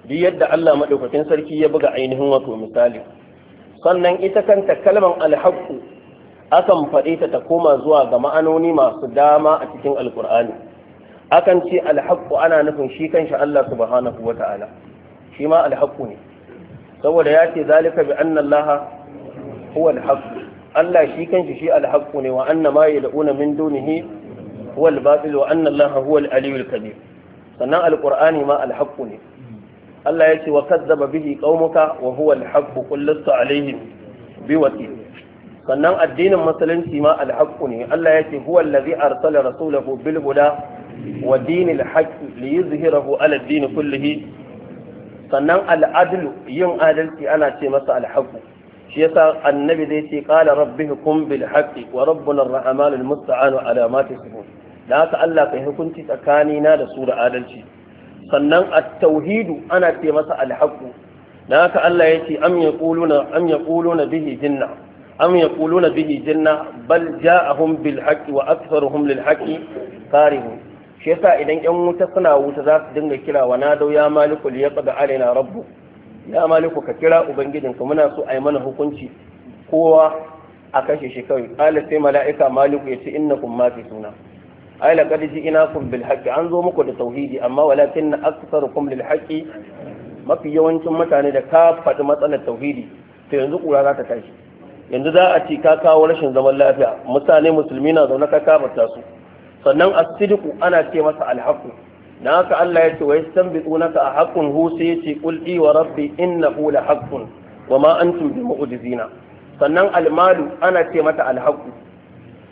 duk yadda Allah madaukakin sarki ya buga ainihin wato misali sannan ita kanta kalman alhaku akan faɗe ta ta koma zuwa ga ma'anoni masu dama a cikin alqur'ani akan ce alhaqqu ana nufin shi kanshi Allah subhanahu ta'ala shi ma alhaqqu ne saboda ya ce zalika bi anna Allah huwa alhaqqu Allah shi kanshi shi alhaqqu ne wa anna ma yad'una min dunihi huwa albatil wa anna Allah huwa aliyul kabir sannan alqur'ani ma alhaqqu ne Allah ya ce wa kazzaba bihi qaumuka wa huwa alhaqqu qul lastu bi biwakil sannan addinin musulunci ma alhaqqu ne Allah ya ce huwa allazi arsala rasulahu bil huda wa dinil haqqi li yuzhirahu ala ad-din kullihi sannan al yin adalci ana ce masa al-haqqu shi yasa annabi zai ce qala rabbihukum bil haqqi wa rabbuna ar-rahman al-musta'an ala ma tasifun da haka Allah kai hukunci tsakanina da su da adalci sannan at-tauhidu ana ce masa al-haqqu da haka Allah ya ce am yaquluna am yaquluna bihi jinna am yaquluna bihi jinna bal ja'ahum bil haqqi wa aktharuhum lil haqqi karihun shi yasa idan 'yan wuta suna wuta za su dinga kira wa na dau ya maliku li yaqdi alaina rabbu ya maliku ka kira ubangijin ka muna so yi mana hukunci kowa a kashe shi kawai qala sai mala'ika maliku yace innakum ma fi suna ai laqad ji'inakum bil haqqi an zo muku da tauhidi amma walakin aktsarukum lil haqqi mafi yawancin mutane da ka faɗi matsalar tauhidi to yanzu kura za ta tashi yanzu za a ci ka kawo rashin zaman lafiya mutane musulmi na zaune ka tasu. su sannan as ana ce masa al Na haka Allah ya ce wa yastanbitunaka a haqqun hu sai ya ce qul wa rabbi innahu la haqqun wa ma sannan al-malu ana ce mata al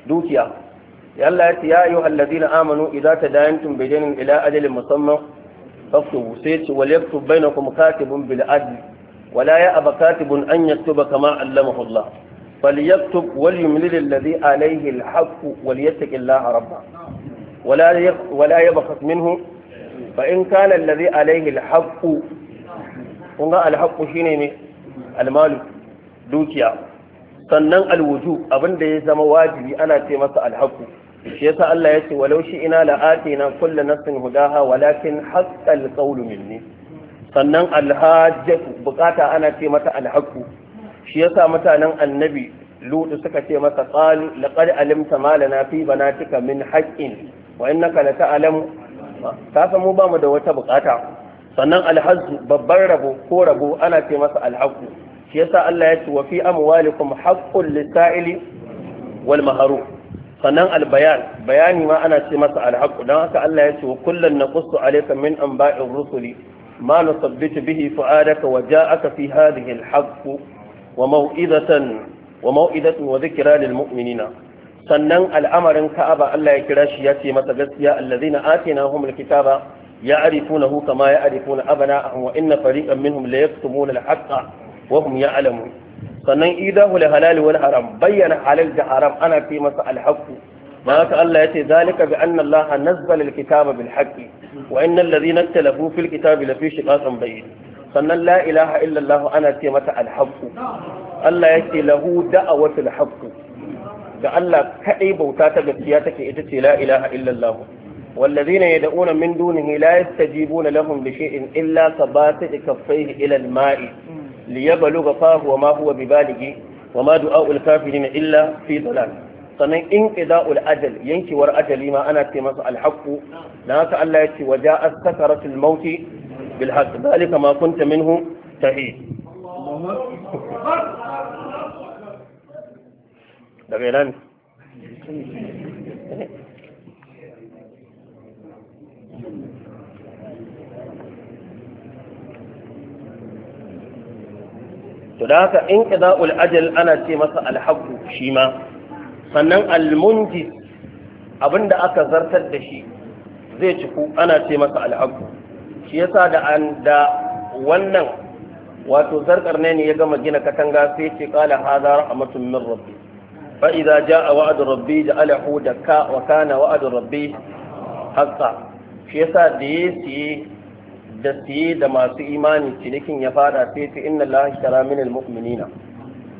dukiya ya Allah ya ce ya ayyuhal ladina amanu idza tadayantum bidainin ila ajalin musamman faktubu sai ya ce wal yaktub bainakum katibun bil adl ولا يأب كاتب أن يكتب كما علمه الله فليكتب وليملل الذي عليه الحق وليتق الله ربه ولا ولا يبخس منه فإن كان الذي عليه الحق kunga alhaku shine ne almalu dukiya sannan alwuju abin da ya zama wajibi ana ce masa alhaku shi yasa Allah ya ce walau shi ina la'atina kullu nafsin hudaha walakin haqqal qawlu minni sannan alhajjatu bukata ana ce mata alhaku shi ya sa mutanen annabi lutu suka ce masa qalu laqad alimta ma lana fi banatika min haƙƙin wa innaka la ta'lamu ka san mu ba mu da wata buƙata. sannan alhazzu babban rabo ko rabo ana ce masa alhaqu shi ya sa Allah ya ce wa fi amwalikum haqqul lisa'ili wal maharu sannan albayan bayani ma ana ce masa alhaqu don haka Allah ya ce wa kullun naqussu alayka min an anba'ir rusuli ma nusabbitu bihi fu'adaka wa ja'aka fi hadhihi alhaqu wa وموئذة وموئذة وذكرى للمؤمنين sannan al'amarin ka'aba Allah ya kira shi ya ce masa gaskiya allazina atinahumul kitaba ya'rifunahu kama ya'rifuna abana'ahum wa inna fariqan minhum la yaktumuna al-haqqa wa hum ya'lamun sannan idahu la halal wal haram bayyana halal da haram ana ce masa al-haqq ma haka Allah ya ce zalika bi anna Allah nazzala al-kitaba bil haqq wa innal ladhina ikhtalafu fil kitabi la fi shiqaqin sannan la ilaha illallah ana ce mata alhaqqu Allah yake lahu da'awatul haqqu ga Allah kadai bauta ta gaskiya take ita ce la ilaha illallah والذين يدعون من دونه لا يستجيبون لهم بشيء إلا كباسط كفيه إلى الماء ليبلغ فاه وما هو ببالغه وما دعاء الكافرين إلا في ضلال sannan in ƙida'ul ajal yankewar ajali ma ana ce masa alhaƙu na haka Allah ya ce waje sakaratul mauti bil haqq zalika ma kunta minhu tahid daga ina to da haka in qida'ul ajal ana ce masa alhaqqu shi ma sannan almunji abinda aka zartar da shi zai ciku ana ce masa alhaqqu shi yasa da an da wannan wato zarkar ne ya gama gina katanga sai ce kala hazar a matumin rabbi fa idza jaa wa'du rabbi da dakka wa kana wa'du rabbi haqqan shi yasa da ya siye da siye da masu imani cinikin ya fada sai ce inna allaha ishtara min almu'minina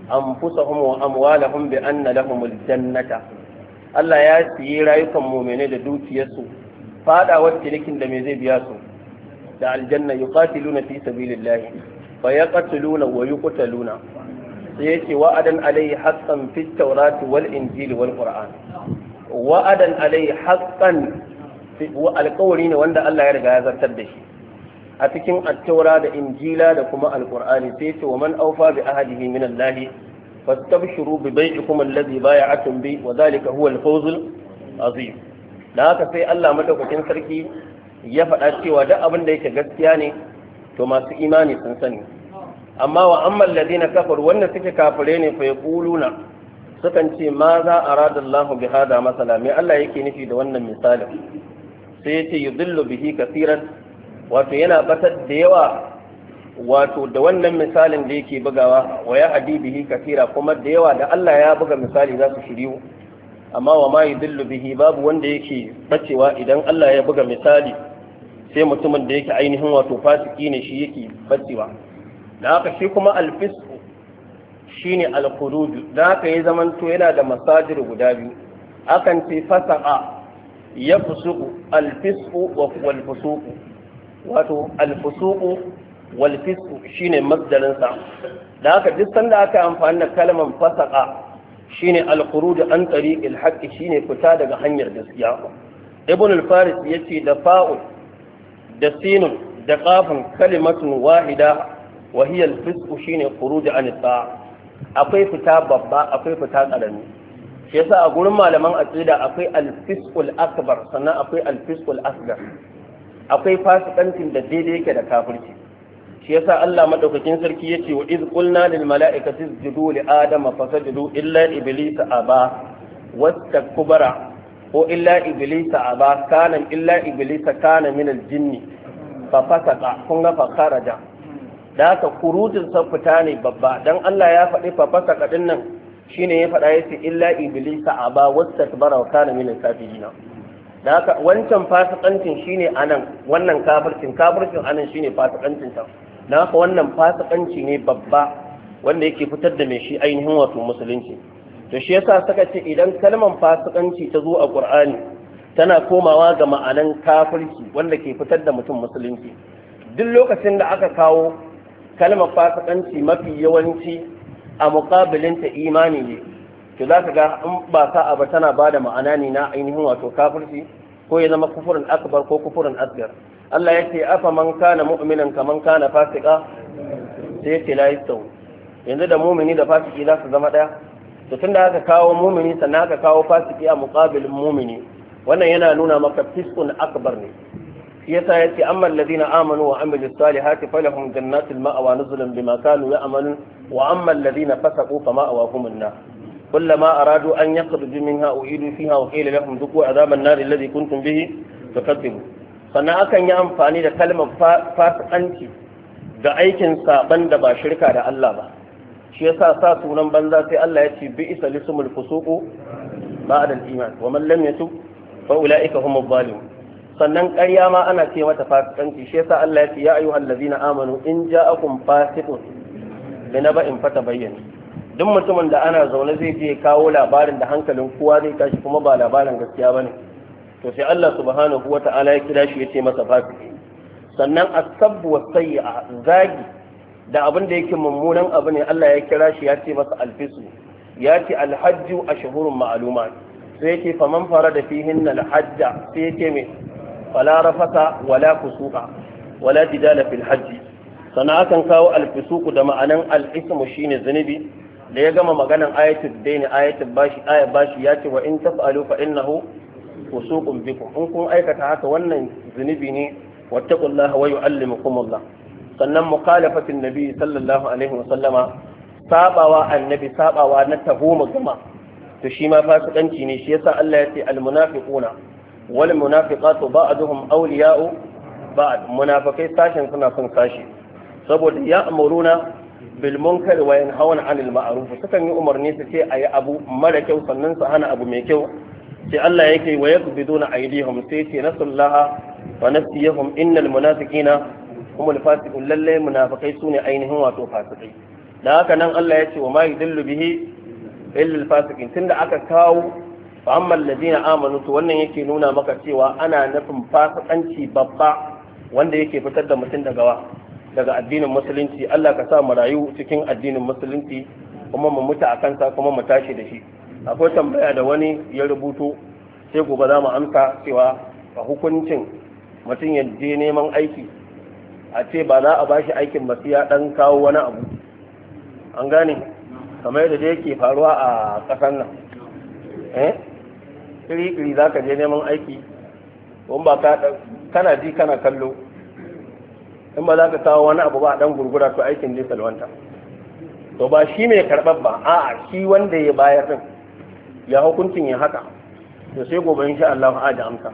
anfusahum wa amwalahum bi anna lahumul jannata Allah ya siye rayukan mu'mine da dukiyarsu fada wa cinikin da me zai biya su da aljanna yuqatiluna fi sabilillahi fa yaqtuluna wa yuqtaluna sai yace wa'adan alayhi haqqan fit tawrati wal injili wal qur'an wa'adan alayhi haqqan alƙawari ne wanda Allah ya riga ya zartar da shi a cikin attaura da injila da kuma alƙur'ani sai ce wa man aufa bi ahadihi min Allah fastabshiru bi bai'ikum alladhi bay'atum bi wa dhalika huwa al Fawzul? azim da haka sai Allah madaukakin sarki ya faɗa cewa duk abin da yake gaskiya ne to masu imani sun sani amma wa amman ladina kafar wanda suke kafire ne fa yaquluna sukan ce ma za aradallahu bi hada masala me Allah yake nufi da wannan misalin sai yace yudillu bihi kaseeran wato yana batar da yawa wato da wannan misalin da yake bugawa wa ya hadi bihi kasira kuma da yawa da Allah ya buga misali za su shiryu amma wa ma yudillu bihi babu wanda yake bacewa idan Allah ya buga misali sai mutumin da yake ainihin wato fasiki ne shi yake fasewa da haka shi kuma alfisku shi ne alkhuruju da haka ya zamanto yana da masajir guda biyu akan ce fasaqa ya fusuku alfisku wa wal wato alfusuku wal shi ne masdarin sa da haka duk sanda aka amfani da kalmar fasaqa shine alkhuruju an tariqil shi ne fita daga hanyar gaskiya ibn al-faris ya ce da fa'ul da sinun da kafin kalimatun wahida wahiyar hiya shi ne shine da anisa, akwai fita babba akwai fita karami shi yasa a gurin malaman aqida akwai al akbar sannan akwai al-fisqul akwai fasikancin da daidai yake da kafirci shi yasa Allah madaukakin sarki yace wa iz qulna lil mala'ikati isjudu li adama fasajadu illa iblisa aba wastakbara ko illa iblisa aba kana illa iblisa kana min aljinni fa fasaka kun ga fa kharaja da ka kurutun sa fita ne babba dan Allah ya faɗi fa fasaka din nan shine ya faɗa yace illa iblisa aba wastakbara wa kana min alkafirina da haka wancan fasikancin shine anan wannan kafircin kafircin anan shine fasikancin ta. da haka wannan fasikanci ne babba wanda yake fitar da mai shi ainihin wato musulunci to shi yasa suka ce idan kalmar fasikanci ta zo a Qur'ani tana komawa ga ma'anan kafirci wanda ke fitar da mutum musulunci duk lokacin da aka kawo kalmar fasikanci mafi yawanci a muqabilin ta imani ne to za ka ga in ba sa'a ba tana ba da ma'ana ne na ainihin wato kafirci ko ya zama kufurin akbar ko kufurin asgar Allah ya ce afa man kana mu'minan kaman kana fasika sai ya ce la yanzu da mumini da fasiki za su zama daya to tun da aka kawo mumini sannan aka kawo fasiki a muƙabilin mumini wannan yana nuna maka fiskun akbar ne shi yasa yace amma alladhina amanu wa amilu salihati falahum jannatul ma'wa nuzulan bima kanu ya'malun wa amma alladhina fasaqu fa ma'wahum an-nar كلما أرادوا أن يخرجوا منها أعيدوا فيها وقيل لهم ذوقوا عذاب النار الذي كنتم به تكذبون sannan akan yi amfani da kalmar fasikanci da aikin saban da ba shirka da Allah ba shi yasa sa sunan banza sai Allah ya ce bi isa lisumul fusuqu ba'da al-iman wa man lam yatub fa ulaika humul zalimun sannan ƙarya ma ana ce mata fasikanci shi yasa Allah ya ce ya ayyuhal ladzina amanu in ja'akum fasiqun binaba'in fatabayyana duk mutumin da ana zaune zai je kawo labarin da hankalin kowa zai tashi kuma ba labarin gaskiya bane to sai Allah subhanahu ta'ala ya kira shi ya ce masa fasiki sannan asabbu wasayya zagi da abin da yake mummunan abu ne Allah ya kira shi ya ce masa alfisu ya ce alhajju a shahurun ma'aluma sai yake faman fara da fihin na alhajja sai yake mai fala rafasa wala kusuka wala jidala fil hajji sana akan kawo alfisuku da ma'anan al'ismu shine zunubi da ya gama maganan ayatul daini ayatul bashi ayat bashi ya ce wa in taf'alu fa innahu fusuqun bikum in kun aikata haka wannan zunubi ne wattaqullaha wa yu'allimukumullah sannan mukhalafatin nabi sallallahu alaihi wasallama sabawa annabi sabawa na taho gama to shi ma fasikanci ne shi yasa Allah ya ce almunafiquna wal munafiqatu ba'duhum awliya'u ba'd munafikai sashin suna son sashi saboda ya amuruna bil munkar wa yanhauna 'anil ma'ruf sukan yi umarni su ce ayi abu mara kyau sannan su hana abu mai kyau sai Allah yake wa yaqbiduna aydihum sai ce nasullaha wa nasiyahum innal munafiqina humul fasiqun lalle munafiqai sune ainihin wato fasikai dan haka nan Allah ya ce wa ma yudillu bihi illa al fasiqin tunda aka kawo fa amma alladhina amanu to wannan yake nuna maka cewa ana nufin fasikanci babba wanda yake fitar da mutum daga wa daga addinin musulunci Allah ka sa mu rayu cikin addinin musulunci kuma mu mutu a kansa kuma mu tashi da shi akwai tambaya da wani ya rubuto sai gobe za mu amsa cewa a hukuncin mutum ya je neman aiki a ce ba za a bashi aikin ba ya dan kawo wani abu an gane kamar yadda yake faruwa a ƙasar nan eh kiri za ka je neman aiki wani ba kana ji kana kallo in ba za ka kawo wani abu ba a dan gurgura to aikin je salwanta to ba shi mai karɓar ba a'a shi wanda ya bayar din ya hukuncin ya haka to sai gobe insha Allah a da amsa